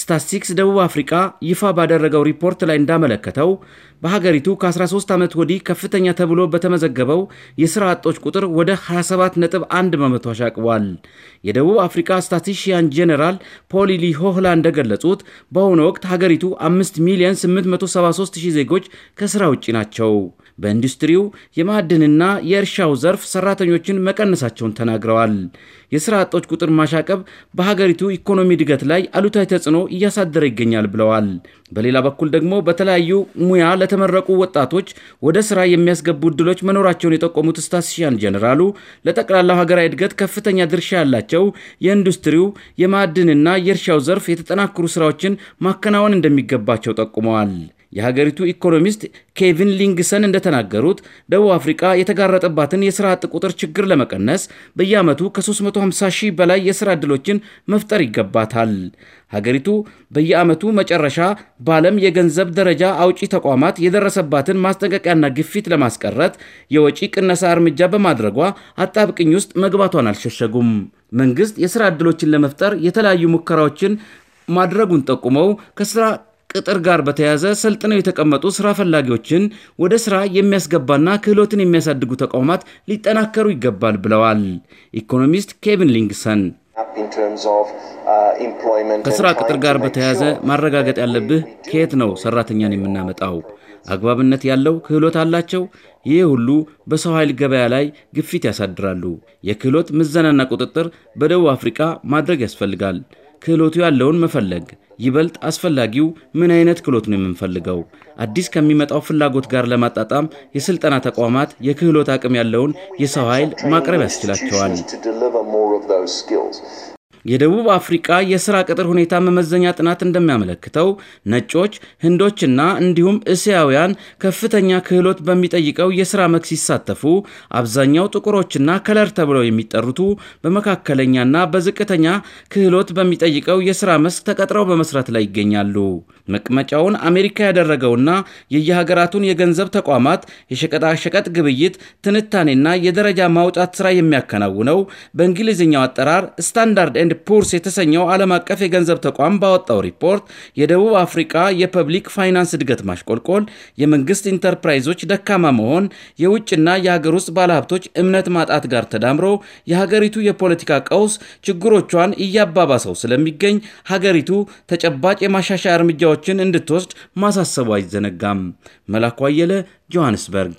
ስታስቲክስ ደቡብ አፍሪካ ይፋ ባደረገው ሪፖርት ላይ እንዳመለከተው በሀገሪቱ ከ13 ዓመት ወዲህ ከፍተኛ ተብሎ በተመዘገበው የሥራ አጦች ቁጥር ወደ 27.1 በመቶ አሻቅቧል። የደቡብ አፍሪካ ስታቲሽያን ጄኔራል ፖሊሊ ሆህላ እንደገለጹት በአሁኑ ወቅት ሀገሪቱ 5 ሚሊዮን 873 ሺህ ዜጎች ከሥራ ውጪ ናቸው። በኢንዱስትሪው የማዕድንና የእርሻው ዘርፍ ሰራተኞችን መቀነሳቸውን ተናግረዋል። የስራ አጦች ቁጥር ማሻቀብ በሀገሪቱ ኢኮኖሚ እድገት ላይ አሉታዊ ተጽዕኖ እያሳደረ ይገኛል ብለዋል። በሌላ በኩል ደግሞ በተለያዩ ሙያ ለተመረቁ ወጣቶች ወደ ስራ የሚያስገቡ እድሎች መኖራቸውን የጠቆሙት ስታሲያን ጀኔራሉ ለጠቅላላው ሀገራዊ እድገት ከፍተኛ ድርሻ ያላቸው የኢንዱስትሪው የማዕድንና የእርሻው ዘርፍ የተጠናከሩ ስራዎችን ማከናወን እንደሚገባቸው ጠቁመዋል። የሀገሪቱ ኢኮኖሚስት ኬቪን ሊንግሰን እንደተናገሩት ደቡብ አፍሪቃ የተጋረጠባትን የሥራ አጥ ቁጥር ችግር ለመቀነስ በየዓመቱ ከ350 ሺህ በላይ የስራ ዕድሎችን መፍጠር ይገባታል። ሀገሪቱ በየዓመቱ መጨረሻ በዓለም የገንዘብ ደረጃ አውጪ ተቋማት የደረሰባትን ማስጠንቀቂያና ግፊት ለማስቀረት የወጪ ቅነሳ እርምጃ በማድረጓ አጣብቅኝ ውስጥ መግባቷን አልሸሸጉም። መንግስት የስራ ዕድሎችን ለመፍጠር የተለያዩ ሙከራዎችን ማድረጉን ጠቁመው ከሥራ ቅጥር ጋር በተያያዘ ሰልጥነው የተቀመጡ ስራ ፈላጊዎችን ወደ ስራ የሚያስገባና ክህሎትን የሚያሳድጉ ተቋማት ሊጠናከሩ ይገባል ብለዋል ኢኮኖሚስት ኬቪን ሊንግሰን። uh, ከስራ ቅጥር ጋር በተያያዘ ማረጋገጥ ያለብህ ከየት ነው ሰራተኛን የምናመጣው? አግባብነት ያለው ክህሎት አላቸው? ይህ ሁሉ በሰው ኃይል ገበያ ላይ ግፊት ያሳድራሉ። የክህሎት ምዘናና ቁጥጥር በደቡብ አፍሪካ ማድረግ ያስፈልጋል። ክህሎቱ ያለውን መፈለግ። ይበልጥ አስፈላጊው ምን አይነት ክህሎት ነው የምንፈልገው? አዲስ ከሚመጣው ፍላጎት ጋር ለማጣጣም የስልጠና ተቋማት የክህሎት አቅም ያለውን የሰው ኃይል ማቅረብ ያስችላቸዋል። የደቡብ አፍሪቃ የሥራ ቅጥር ሁኔታ መመዘኛ ጥናት እንደሚያመለክተው ነጮች፣ ህንዶችና እንዲሁም እስያውያን ከፍተኛ ክህሎት በሚጠይቀው የሥራ መክስ ሲሳተፉ አብዛኛው ጥቁሮችና ከለር ተብለው የሚጠሩቱ በመካከለኛና በዝቅተኛ ክህሎት በሚጠይቀው የሥራ መስክ ተቀጥረው በመስራት ላይ ይገኛሉ። መቀመጫውን አሜሪካ ያደረገውና የየሀገራቱን የገንዘብ ተቋማት የሸቀጣሸቀጥ ግብይት ትንታኔና የደረጃ ማውጣት ሥራ የሚያከናውነው በእንግሊዝኛው አጠራር ስታንዳርድ ኤንድ ፑርስ የተሰኘው ዓለም አቀፍ የገንዘብ ተቋም ባወጣው ሪፖርት የደቡብ አፍሪካ የፐብሊክ ፋይናንስ እድገት ማሽቆልቆል፣ የመንግስት ኢንተርፕራይዞች ደካማ መሆን፣ የውጭና የሀገር ውስጥ ባለሀብቶች እምነት ማጣት ጋር ተዳምሮ የሀገሪቱ የፖለቲካ ቀውስ ችግሮቿን እያባባሰው ስለሚገኝ ሀገሪቱ ተጨባጭ የማሻሻያ እርምጃዎችን እንድትወስድ ማሳሰቡ አይዘነጋም። መላኩ አየለ ጆሃንስበርግ